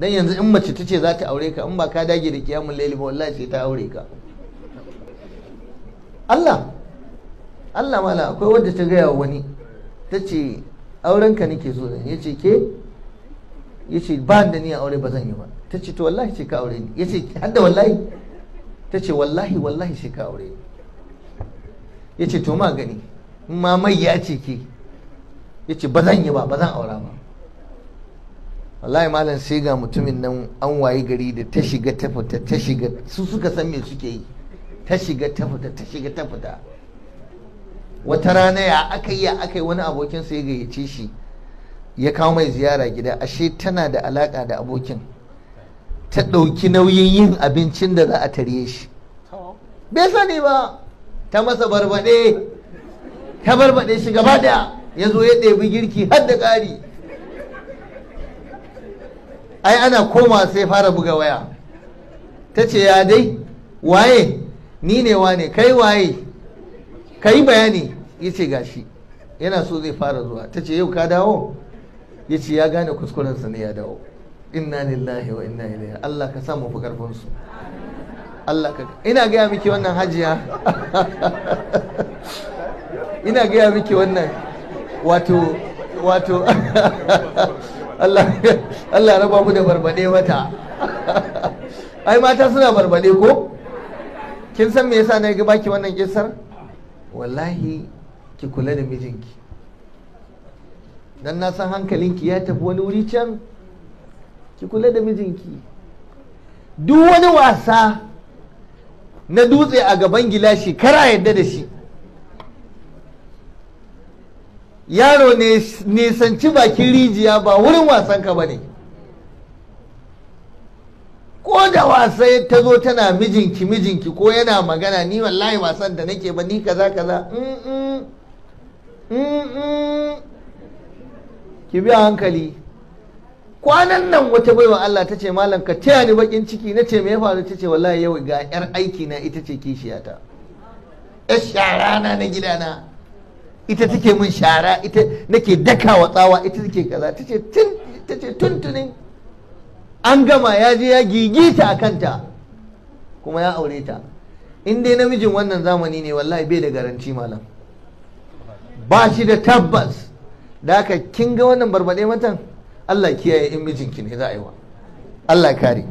dan yanzu in mace ta ce za ta aure ka in ba ka dage da kiyamun laili ba wallahi sai ta aure ka Allah Allah mala akwai wadda ta gaya wani ta ce auren ka nake so ya ce ke ya ce ba da ni aure ba zan yi ba ta ce to wallahi sai ka aure ni ya ce har da wallahi ta ce wallahi wallahi sai ka aure ni ya ce to ma gani ma mai ya ce ke ya ce ba zan yi ba ba zan aura ba wallahi malam sai ga mutumin nan an wayi gari da ta shiga ta fita ta shiga su suka san me suke yi ta shiga ta fita ta shiga ta fita wata rana ya aka yi aka yi wani abokin sai gayyace shi ya kawo mai ziyara gida ashe tana da alaka da abokin ta ɗauki nauyin yin abincin da za a tare shi bai sani ba ta masa barbade ta barbaɗe shi gaba da ya zo ya ɗebi girki har da ƙari ai ana koma sai fara buga waya ta ce ya dai waye ni ne wane kai waye ka yi bayani ya ce gashi yana so zai fara zuwa ta ce yau ka dawo ya ce ya gane kuskurensa ne ya dawo inna lillahi wa inna ilaihi Allah ka samu fi su Allah ka ina gaya miki wannan hajiya ina gaya miki wannan wato wato Allah raba mu da barbade mata ai mata suna barbade ko kin san me yasa na ga baki wannan kisar wallahi ki kula da mijinki dan na san hankalinki ya tafi wani wuri can ki kula da mijinki duk wani wasa na dutse a gaban gilashi kara yadda da shi yaro ne nisanci bakin rijiya ba wurin wasanka ba ne ko da wasai ta zo tana mijinki mijinki ko yana magana ni wallahi wasan da nake ba ni kaza kaza ki biya hankali kwanan nan wata baiwa Allah ta ce malam ka taya ni bakin ciki na ce me ya faru ta ce wallahi yau ga yar aiki na ita ce kishiyata yar shara na na gidana ita take min shara ita nake dakawa tsawa ita take kaza tace tun tace tuntunin an gama ya je ya gigita a kanta kuma ya aure ta in dai namijin wannan zamani ne wallahi bai da garanci malam ba shi da tabbas da kin ga wannan barbaɗe matan Allah kiyaye in mijinki ne za a yi wa Allah kare